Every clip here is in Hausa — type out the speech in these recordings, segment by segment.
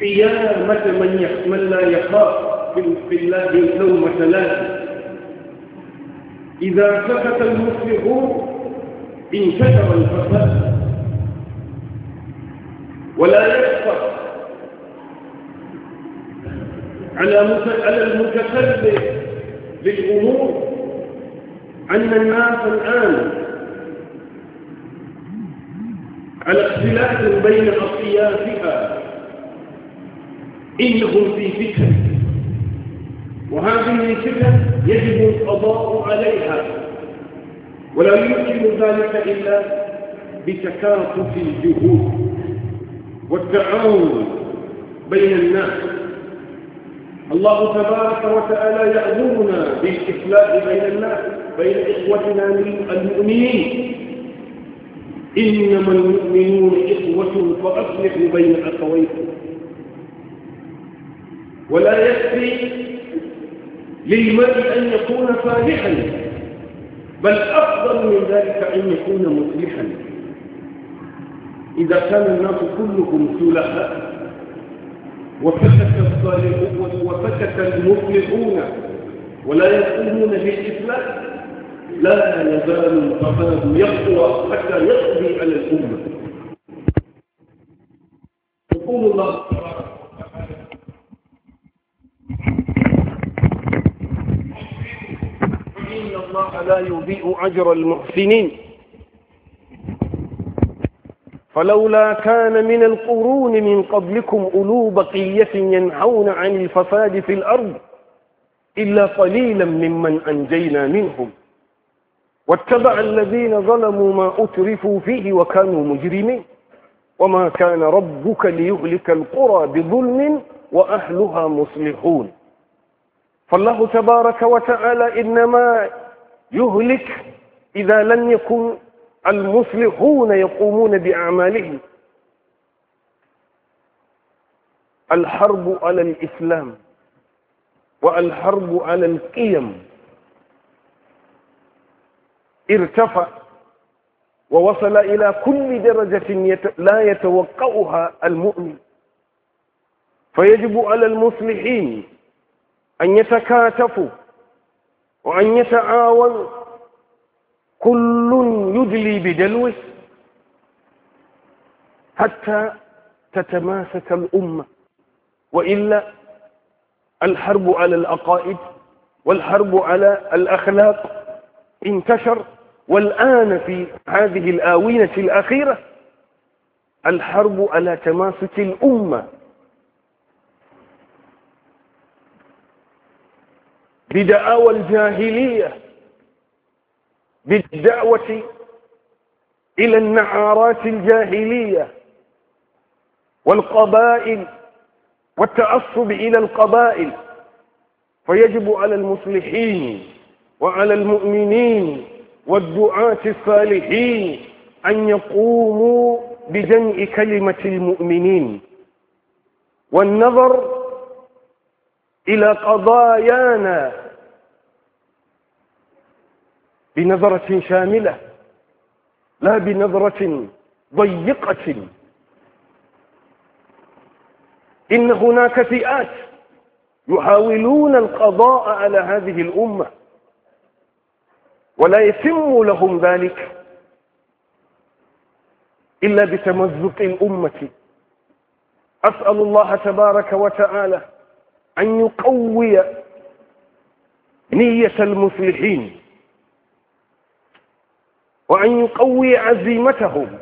قيامة من, من لا يخاف في الله لومة لازم إذا سكت المفلحون انكسر الفساد ولا يكفر على على المتسبب للأمور أن الناس الآن على اختلاف بين أطيافها إنهم في فكر وهذه الفكر يجب القضاء عليها ولا يمكن ذلك إلا بتكاتف الجهود والتعاون بين الناس الله تبارك وتعالى يأمرنا بالإخلاء بين الناس بين إخوتنا المؤمنين إنما المؤمنون إخوة فأصلحوا بين أخويكم ولا يكفي للمرء أن يكون فالحا بل أفضل من ذلك أن يكون مصلحا إذا كان الناس كلهم سلحاء وفكت الصالحون وفكت المفلحون ولا يقومون بالإسلام لا يزال الفساد يقوى حتى يقضي على الأمة يقول الله لا يضيء أجر المحسنين فلولا كان من القرون من قبلكم أولو بقية ينحون عن الفساد في الأرض إلا قليلا ممن أنجينا منهم واتبع الذين ظلموا ما أترفوا فيه وكانوا مجرمين وما كان ربك ليهلك القرى بظلم وأهلها مصلحون فالله تبارك وتعالى إنما يهلك إذا لم يكن المصلحون يقومون بأعمالهم الحرب على الإسلام والحرب على القيم ارتفع ووصل إلى كل درجة لا يتوقعها المؤمن فيجب على المصلحين أن يتكاتفوا وأن يتعاون كل يدلي بدلوه حتى تتماسك الأمة وإلا الحرب على الأقائد والحرب على الأخلاق انتشر والآن في هذه الآونة الأخيرة الحرب على تماسك الأمة بدعاوى الجاهلية بالدعوة إلى النعارات الجاهلية والقبائل والتعصب إلى القبائل فيجب على المصلحين وعلى المؤمنين والدعاة الصالحين أن يقوموا بجمع كلمة المؤمنين والنظر إلى قضايانا بنظرة شاملة لا بنظرة ضيقة إن هناك فئات يحاولون القضاء على هذه الأمة ولا يتم لهم ذلك إلا بتمزق الأمة أسأل الله تبارك وتعالى أن يقوي نية المصلحين وأن يقوي عزيمتهم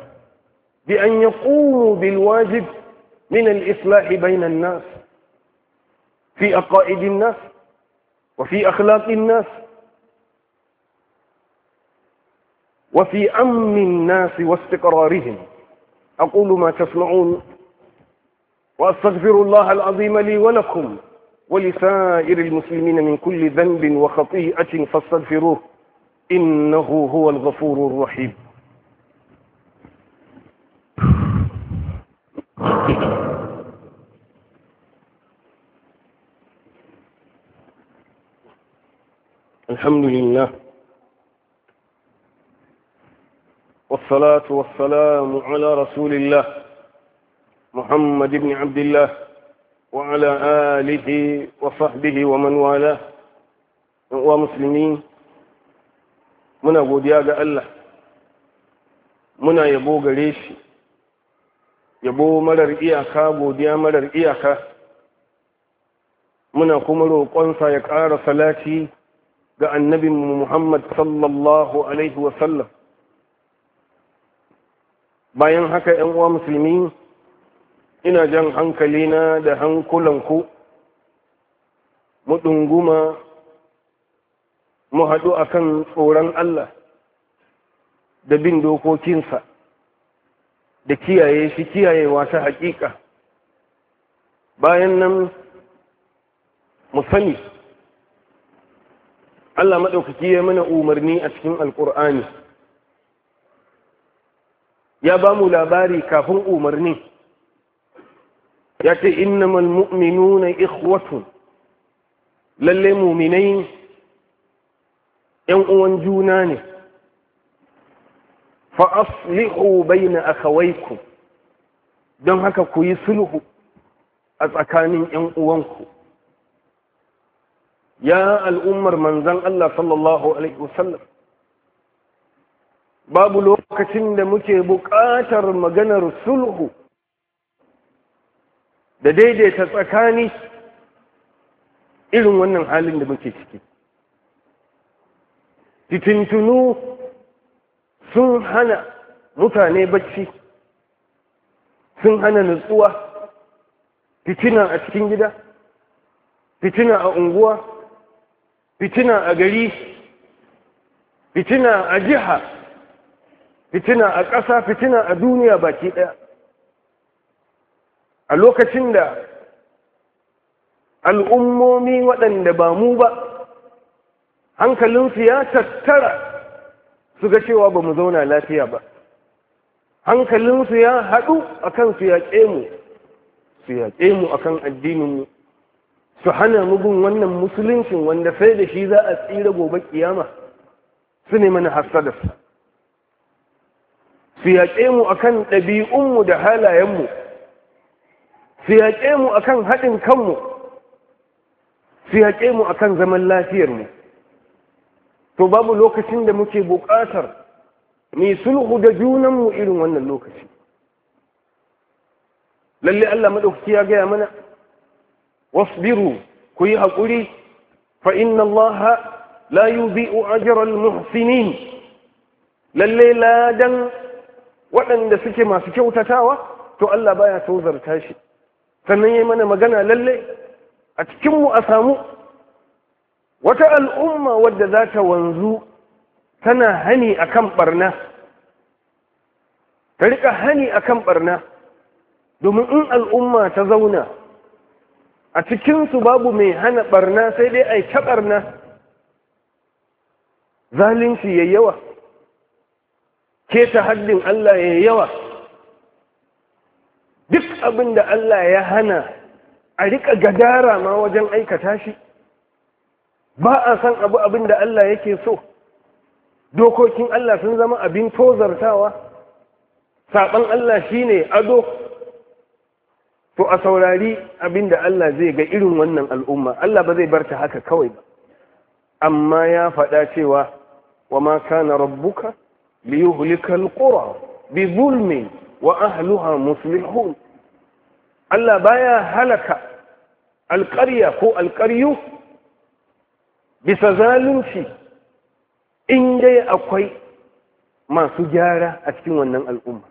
بأن يقوموا بالواجب من الإصلاح بين الناس في عقائد الناس وفي أخلاق الناس وفي أمن الناس واستقرارهم أقول ما تسمعون وأستغفر الله العظيم لي ولكم ولسائر المسلمين من كل ذنب وخطيئة فاستغفروه إنه هو الغفور الرحيم الحمد لله والصلاة والسلام على رسول الله محمد بن عبد الله وعلى آله وصحبه ومن والاه ومسلمين muna godiya ga Allah muna yabo gare yabo marar iyaka godiya marar iyaka muna kuma roƙonsa ya ƙara salati ga annabin Muhammad sallallahu alaihi wasallam bayan haka ‘yan uwa musulmi ina jan hankalina da hankulanku mu ɗunguma mu haɗu a kan tsoron Allah da bin dokokinsa da kiyaye shi kiyayewa ta haƙiƙa bayan nan mu sani Allah maɗaukaki ya mana umarni a cikin alƙur'ani ya ba mu labari kafin umarni ya ce innamal mu'minuna ikwatu lalle muminai ‘yan uwan juna ne fa'aslihu bai na akawaiku don haka ku yi sulhu a tsakanin ‘yan uwanku ya al'ummar manzan Allah sallallahu Alaihi wasallam babu lokacin da muke buƙatar maganar sulhu da daidaita tsakani irin wannan halin da muke ciki titintunu sun hana mutane bacci sun hana nutsuwa fitina a cikin gida fitina a unguwa fitina a gari fitina a jiha fitina a ƙasa fitina a duniya baki ɗaya a lokacin da al'ummomi waɗanda ba mu ba hankalinsu ya tattara su ga cewa ba mu zauna lafiya ba hankalinsu ya haɗu a kan su yaƙe mu su yaƙe mu a kan addininmu su hana mugun wannan musuluncin wanda sai da shi za a tsira gobe ƙiyama, su ne mana hasadarsa su yaƙe mu a kan ɗabi'unmu da halayenmu su yaƙe mu akan haɗin kanmu su mu akan zaman lafiyarmu to babu lokacin da muke buƙatar mai sulhu da junanmu irin wannan lokaci lalle Allah maɗaukaki ya gaya mana wasbiru ku yi haƙuri fa inna Allah la yudhi'u ajral muhsinin lalle ladan waɗanda suke masu kyautatawa to Allah baya tozarta shi sannan ya yi mana magana lalle a cikinmu a samu wata al'umma wadda za ta wanzu tana hani a kan ɓarna ta rika hani a kan ɓarna domin in al'umma ta zauna a cikinsu babu mai hana ɓarna sai dai a yi ta ɓarna zalunci ya yawa keta haddin Allah ya yawa duk abin da Allah ya hana a riƙa gadara ma wajen aikata shi ba a san abu abin da Allah yake so dokokin Allah sun zama abin tozartawa saɓan Allah shine ado to a saurari abin da Allah zai ga irin wannan al'umma Allah ba zai bar ta haka kawai ba amma ya faɗa cewa wa ma kana rabbuka liyuhlikal qura bi zulmin wa ahluha muslihun Allah baya halaka alƙarya ko alƙaryu bisa zalunci in dai akwai masu gyara a cikin wannan al'umma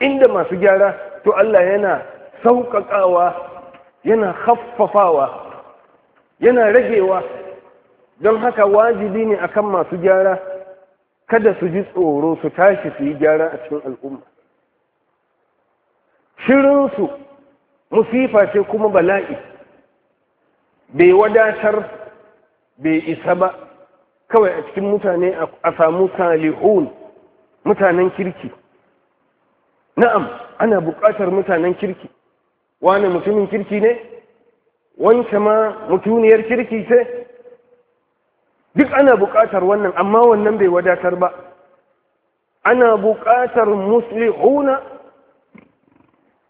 inda masu gyara to Allah yana sauƙaƙawa yana haffafawa yana ragewa don haka wajibi ne akan masu gyara kada su ji tsoro su tashi su yi gyara a cikin al'umma shirinsu musifa ce kuma bala'i bai wadatar bai isa ba kawai a cikin mutane a samu salihun mutanen kirki na'am ana buƙatar mutanen kirki wani mutumin kirki ne wance ma mutuniyar kirki ce duk ana buƙatar wannan amma wannan bai wadatar ba ana buƙatar musulihuna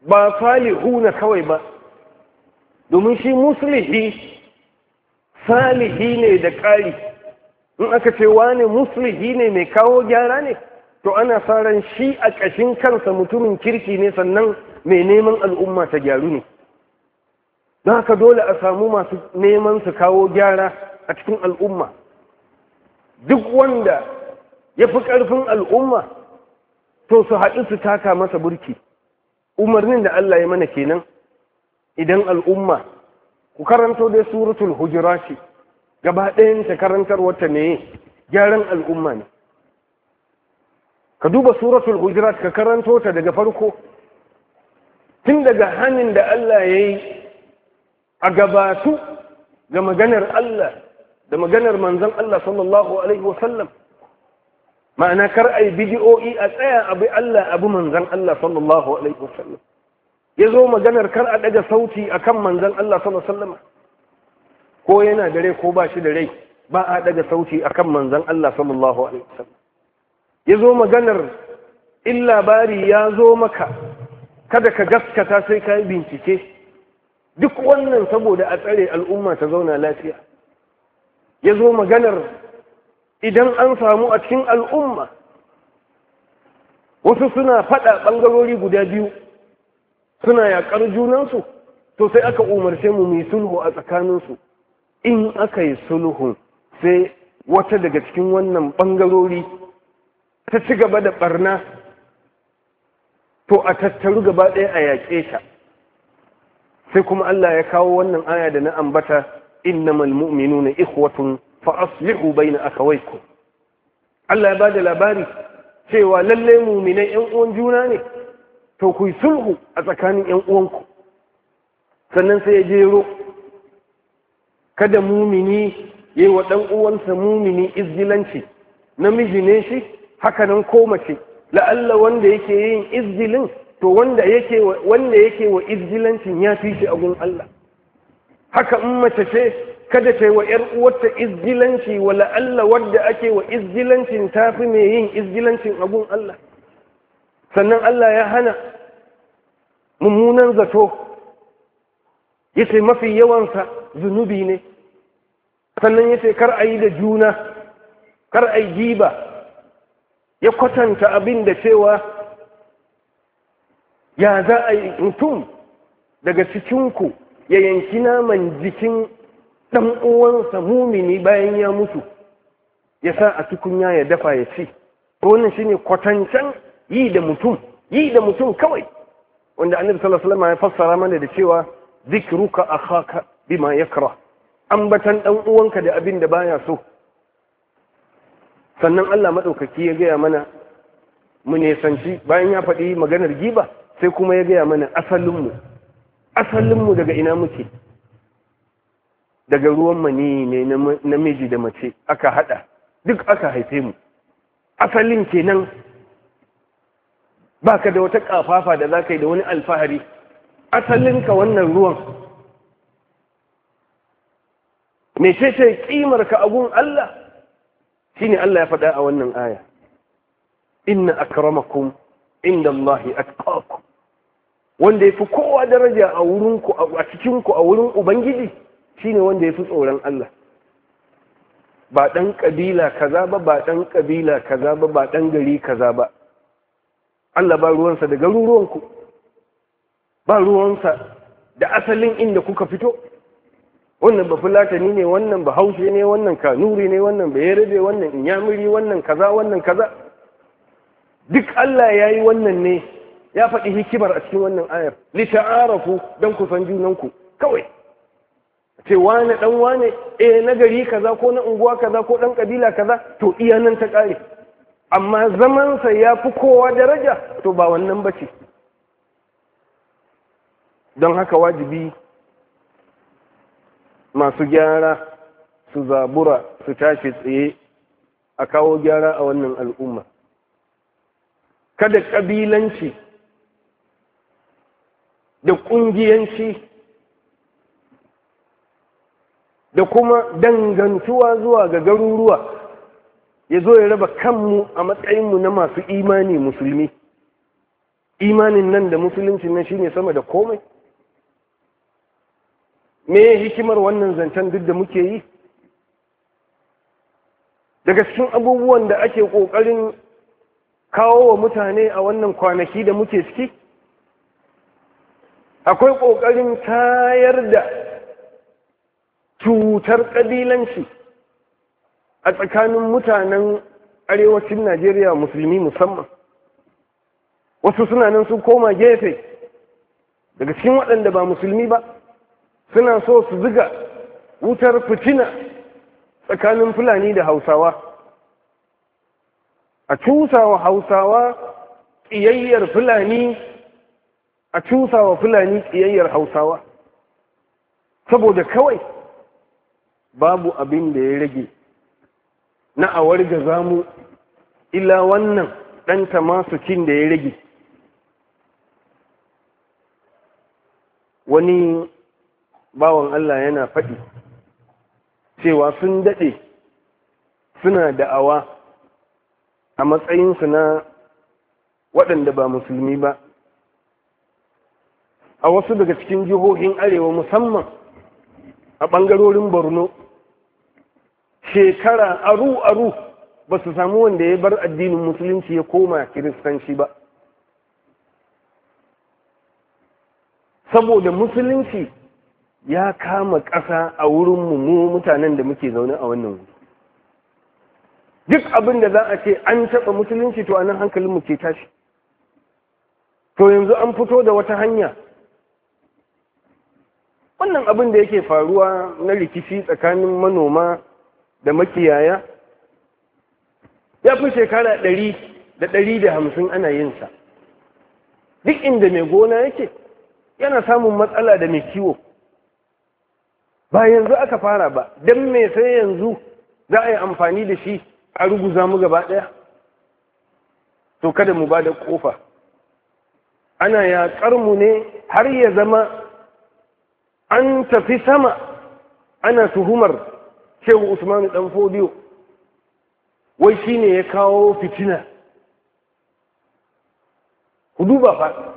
ba salihuna kawai ba domin shi muslihi salihi ne da ƙari in aka ce wane muslihi ne mai kawo gyara ne to ana saran shi a ƙashin kansa mutumin kirki ne sannan mai neman al'umma ta gyaru ne don haka dole a samu masu neman su kawo gyara a cikin al'umma duk wanda ya fi ƙarfin al'umma to su haɗu su taka masa burki umarnin da Allah ya mana kenan idan al'umma ku karanto dai suratul hujurati gaba ɗayan ta karantar wata ne gyaran al'umma ne ka duba suratul hujurati ka karanto ta daga farko tun daga hannun da Allah ya yi a gabatu ga maganar Allah da maganar manzan Allah sallallahu alaihi wasallam ma'ana kar ai bidiyo'i a tsaya abu Allah abu manzan Allah sallallahu alaihi wasallam ya zo maganar kar a daga sauti a kan manzan Allah sallallahu alaihi wasallam ko yana da rai ko ba shi da rai ba a daga sauti a kan manzan Allah sallallahu alaihi wasallam ya zo maganar in labari ya zo maka kada ka gaskata sai ka yi bincike duk wannan saboda a tsare al'umma ta zauna lafiya ya zo maganar idan an samu a cikin al'umma wasu suna faɗa ɓangarori guda biyu suna yaƙar junansu to sai aka umarce mu mai sulhu a tsakaninsu in aka yi sulhu sai wata daga cikin wannan ɓangarori ta ci gaba da ɓarna to a tattaru gaba ɗaya a yaƙe ta sai kuma Allah ya kawo wannan aya da na ambata innamal mu'minuna ikhwatun fa na bayna akawaykum Allah ya ba da labari cewa lalle mu'minai yan uwan juna ne to ku sulhu a tsakanin 'yan'uwanku. uwanku sannan sai ya jero kada mumini yi wa ɗan'uwansa uwansa mumini izgilanci namiji ne shi haka nan ko mace la'alla wanda yake yin izgilin to wanda yake wanda yake wa izgilancin ya fi shi a gun Allah haka in mace ce kada ta yi wa ‘yar uwarta izgilanci wa la'alla wadda ake wa izgilancin ta fi mai yin izgilancin abun Allah sannan Allah ya hana mummunan zato ya ce mafi yawansa zunubi ne sannan ya ce kar a yi da juna kar a yi giba ya kwatanta abin da cewa ya za a yi mutum daga cikinku ya yanki naman jikin ɗan uwansa mumini bayan ya mutu ya sa a tukunya ya dafa ya ci wannan shine kwatancan yi da mutum yi da mutum kawai wanda annabi sallallahu alaihi ya fassara mana da cewa zikruka akhaka bima yakra ambatan ɗan uwanka da abin da baya so sannan Allah maɗaukaki ya gaya mana mu nesanci bayan ya faɗi maganar giba sai kuma ya gaya mana asalinmu asalinmu daga ina muke daga ruwan maniyi ne namiji da mace aka hada duk aka haife mu asalin kenan baka da wata kafafa da za ka yi da wani alfahari asalinka wannan ruwan mece ce ka abun Allah shine Allah ya faɗa a wannan aya inna akramakum inda Allah atqakum wanda ya fi kowa daraja a wurinku a cikinku a wurin ubangiji shine wanda ya fi tsoron Allah ba ɗan ƙabila kaza ba ba ɗan ƙabila kaza ba ba ɗan gari kaza ba Allah ba ruwansa da garuruwanku ba ruwansa da asalin inda kuka fito wannan ba fulatani ne wannan ba haushe ne wannan kanuri ne wannan ba yarebe wannan inyamiri wannan kaza wannan kaza duk Allah ya yi wannan ne ya faɗi hikimar a cikin wannan ayar lita'arafu don ku san junanku kawai ce wane dan wane eh na gari kaza ko na unguwa kaza ko dan kabila kaza to iya nan ta kare amma zaman sa ya fi kowa daraja to ba wannan ba ce don haka wajibi masu gyara su zabura su tashi tsaye a kawo gyara a wannan al'umma kada ƙabilanci da ƙungiyanci da kuma dangantuwa zuwa ga garuruwa ya zo ya raba kanmu a matsayinmu na masu imani musulmi imanin nan da musulunci nan shine sama da komai me hikimar wannan zancen duk da muke yi daga cikin abubuwan da ake ƙoƙarin kawo wa mutane a wannan kwanaki da muke ciki akwai ƙoƙarin tayar da cutar ƙabilanci a tsakanin mutanen arewacin najeriya musulmi musamman wasu suna nan sun koma gefe daga cikin waɗanda ba musulmi ba suna so su zuga wutar fitina tsakanin fulani da hausawa a cusawa hausawa ƙiyayyar fulani a cusawa fulani ƙiyayyar hausawa saboda kawai babu abin da ya rage na awar ga zamu ila wannan ɗan tamasukin da ya rage wani bawan Allah yana faɗi cewa sun daɗe suna da'awa a matsayinsu na waɗanda ba musulmi ba a wasu daga cikin jihohin arewa musamman a ɓangarorin borno shekara aru aru ba su samu wanda ya bar addinin musulunci ya koma kiristanci ba saboda musulunci ya kama ƙasa a wurin mu mutanen da muke zaune a wannan duk abin da za a ce an taɓa musulunci to a nan hankalinmu ke tashi to yanzu an fito da wata hanya wannan abin da yake faruwa na rikici tsakanin manoma da makiyaya ya fi shekara ɗari da ɗari da hamsin ana yinsa duk inda mai gona yake yana samun matsala da mai kiwo ba yanzu aka fara ba don mai sai yanzu za a yi amfani da shi a ruguza mu gaba ɗaya to kada mu ba da ƙofa ana yaƙar mu ne har ya zama an tafi sama ana tuhumar shehu usman dan fodiyo wai shine ya kawo fitina ku duba fa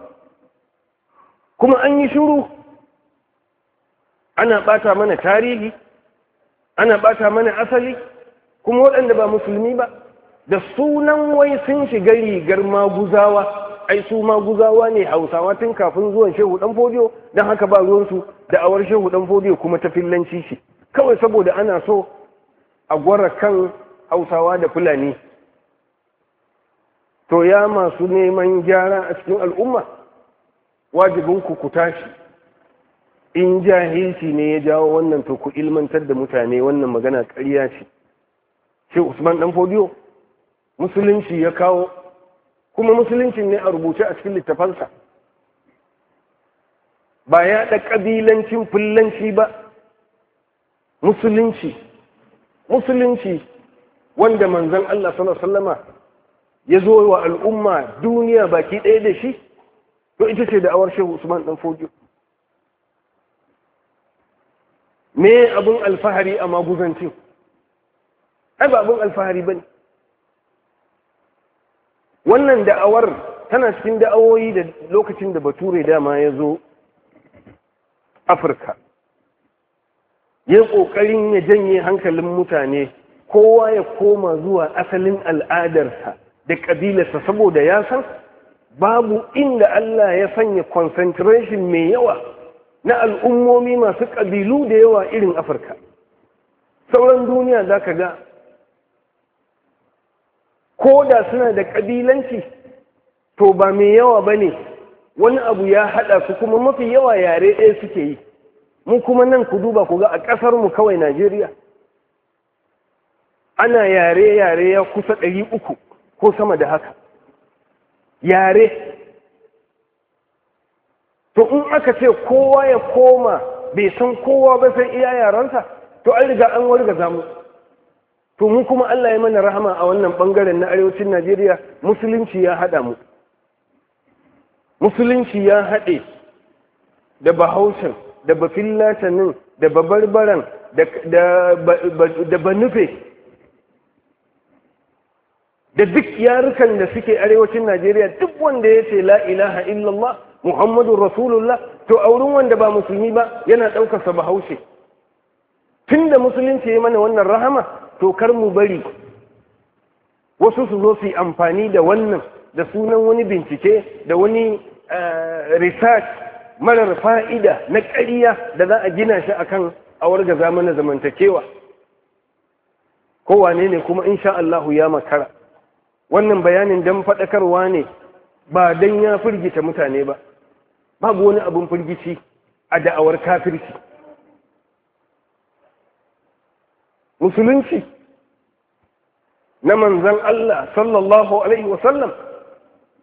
kuma an yi shiru ana bata mana tarihi ana bata mana asali kuma waɗanda ba musulmi ba da sunan wai sun shiga rigar maguzawa ai su maguzawa ne hausawa tun kafin zuwan shehu dan fodiyo don haka ba ruwansu da awar shehu dan fodiyo kuma ta fillanci shi kawai saboda ana so a gwara kan hausawa da fulani to ya masu neman gyara a cikin al'umma wajibin ku tashi in jahilci ne ya jawo wannan to ku ilmantar da mutane wannan magana ƙarya ce ce usman dan fodiyo musulunci ya kawo kuma musulunci ne a rubuce a cikin littafansa ba ya da ƙabilancin fullanci ba musulunci musulunci wanda manzon Allah sallallahu alaihi wasallama ya zo wa al'umma duniya baki ɗaya da shi to ita ce da awar shehu usman dan fojo me abin alfahari a maguzancin ai ba abin alfahari bane wannan da'awar tana cikin da'awoyi da lokacin da bature dama ya zo afirka ya ƙoƙarin ya janye hankalin mutane kowa ya koma zuwa asalin al'adarsa da ƙabilarsa saboda ya san babu inda Allah ya sanya concentration mai yawa na al'ummomi masu ƙabilu da yawa irin Afirka. Sauran duniya za ka ga, ko da suna da ƙabilanci, to ba mai yawa ba ne, wani abu ya haɗa su kuma mafi yawa yare ɗaya suke yi. mu kuma nan ku duba ku ga a ƙasar mu kawai Najeriya ana yare yare ya kusa ɗari uku ko sama da haka yare to in aka ce kowa ya koma bai san kowa ba sai iya yaransa to an riga an warga zamu to mu kuma Allah ya mana rahama a wannan bangaren na arewacin Najeriya musulunci ya hada mu musulunci ya haɗe da Bahaushe. da ba bafillasanin da ba barbaran. da ba nufe da duk yarukan da suke arewacin najeriya duk wanda ya ce la ilaha illallah muhammadu rasulullah to wurin wanda ba musulmi ba yana ɗaukarsa bahaushe tun da musulunci ya mana wannan rahama to kar mu bari wasu su zo su yi amfani da wannan da sunan wani bincike da wani eh, research marar fa'ida na ƙarya da za a gina shi a kan awar ga zamanin zamantakewa kowane ne kuma insha Allahu ya makara wannan bayanin don faɗakarwa ne ba don ya firgita mutane ba babu wani abin firgici a da'awar kafirci musulunci na manzan Allah sallallahu Alaihi wasallam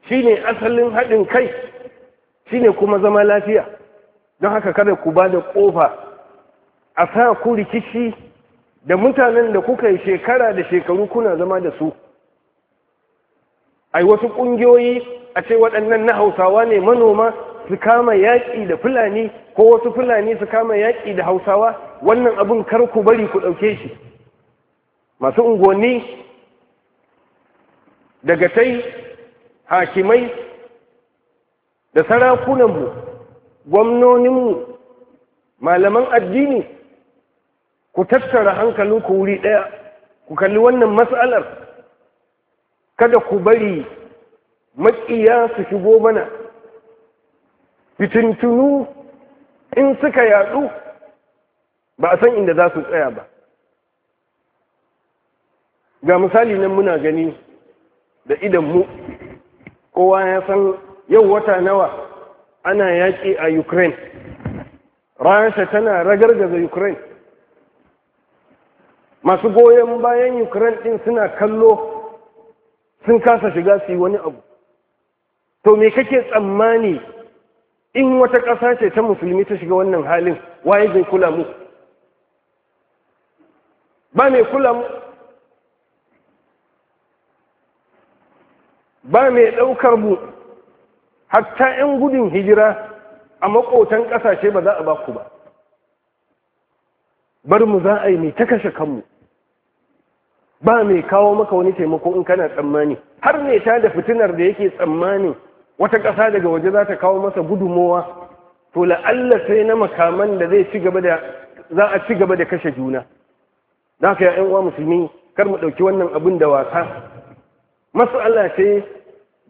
shi ne asalin haɗin kai shine kuma zama lafiya don haka kada ku ba da ƙofa a sa ku rikici da mutanen da kuka yi shekara da shekaru kuna zama da su ai wasu ƙungiyoyi a ce waɗannan na hausawa ne manoma su kama yaƙi da fulani ko wasu fulani su kama yaƙi da hausawa wannan abin kar ku bari ku ɗauke shi masu unguwanni dagatai hakimai da sarakunanmu gwamnoninmu malaman addini ku tattara hankalin ku wuri ɗaya ku kalli wannan matsalar kada ku bari maƙiya su shigo mana fitintunu in suka yaɗu ba a san inda za su tsaya ba ga misali nan muna gani da mu kowa ya san yau wata nawa ana yaƙi a ukraine rasha tana ragar ragargaza ukraine masu goyon bayan ukraine ɗin suna kallo sun kasa shiga su yi wani abu to me kake tsammani in wata ƙasa ce ta musulmi ta shiga wannan halin waye zai kula mu ba mai kula mu ba mai ɗaukar mu hatta 'yan gudun hijira a makotan ƙasashe ba za a ba ku ba bar mu za a yi mai ta kashe kanmu ba mai kawo maka wani taimako in kana tsammani har ne ta da fitinar da yake tsammanin wata ƙasa daga waje za ta kawo masa gudunmowa to la'alla sai na makaman da zai ci gaba da za a ci gaba da kashe juna za ka yi uwa musulmi kar mu ɗauki wannan abin da wasa masu Allah sai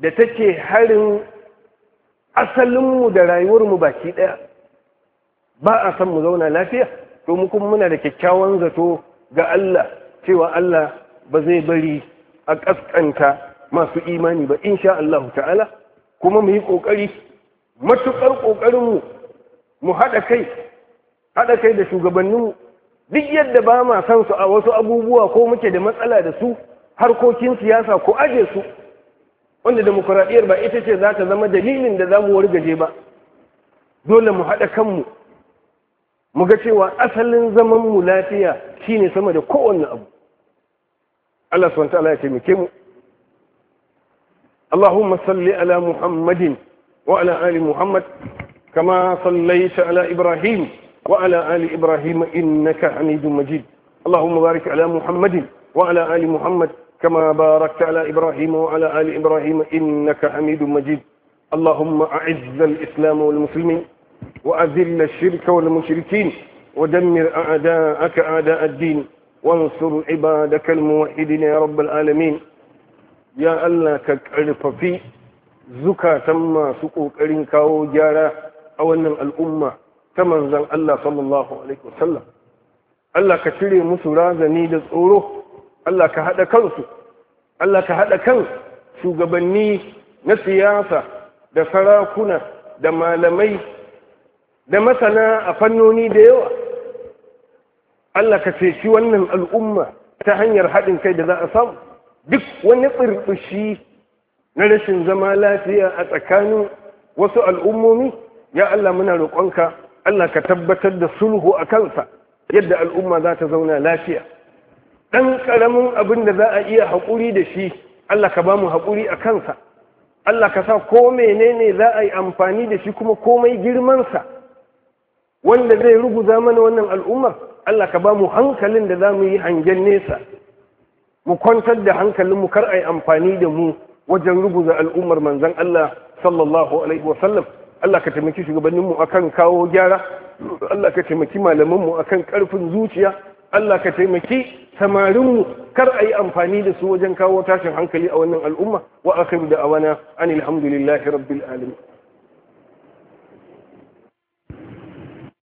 da take harin asalinmu da rayuwar mu baki ɗaya ba a san mu zauna lafiya to mu kuma muna da kyakkyawan zato ga Allah cewa Allah ba zai bari a ƙasƙanta masu imani ba insha Allah ta'ala kuma mu yi ƙoƙari matuƙar ƙoƙarinmu mu haɗa kai haɗa kai da shugabanninmu duk yadda ba ma san su a wasu abubuwa ko muke da matsala da su harkokin siyasa ko aje su wanda demokuraɗiyyar ba ita ce za ta zama dalilin da za mu wargaje ba dole mu haɗa kanmu mu ga cewa asalin zaman mu lafiya shine sama da kowanne abu Allah subhanahu ta'ala ya taimake mu Allahumma salli ala Muhammadin wa ala Muhammad kama sallaita ala Ibrahim wa ala ali Ibrahim innaka Hamidum Majid Allahumma barik ala Muhammadin wa Muhammad كما باركت على إبراهيم وعلى آل إبراهيم إنك حميد مجيد اللهم أعز الإسلام والمسلمين وأذل الشرك والمشركين ودمر أعداءك أعداء الدين وانصر عبادك الموحدين يا رب العالمين يا الله كالعرف في زكاة ما سقوك رنكاو أو أن الأمة كما زن الله صلى الله عليه وسلم الله ka cire musu Allah ka haɗa kansu Allah ka haɗa kan shugabanni na siyasa da sarakuna da malamai da masana a fannoni da yawa Allah ka ceci wannan al'umma ta hanyar haɗin kai da za a samu duk wani tsirɓishi na rashin zama lafiya a tsakanin wasu al'ummomi ya Allah muna roƙonka Allah ka tabbatar da sulhu a kansa yadda al'umma za ta zauna lafiya ɗan ƙaramin abin da za a iya haƙuri da shi Allah ka ba mu haƙuri a kansa Allah ka sa ko menene za a yi amfani da shi kuma komai girmansa wanda zai ruguza mana wannan al'ummar Allah ka ba mu hankalin da za mu yi hangen nesa mu kwantar da hankalinmu kar a yi amfani da mu wajen ruguza al'ummar manzan Allah sallallahu alaihi wasallam Allah ka taimaki shugabanninmu akan kawo gyara Allah ka taimaki malamanmu akan karfin zuciya Allah ka taimaki samarinmu kar a yi amfani da su wajen kawo tashin hankali a wannan al'umma wa akhiru da awana anil hamdulillahi rabbil alamin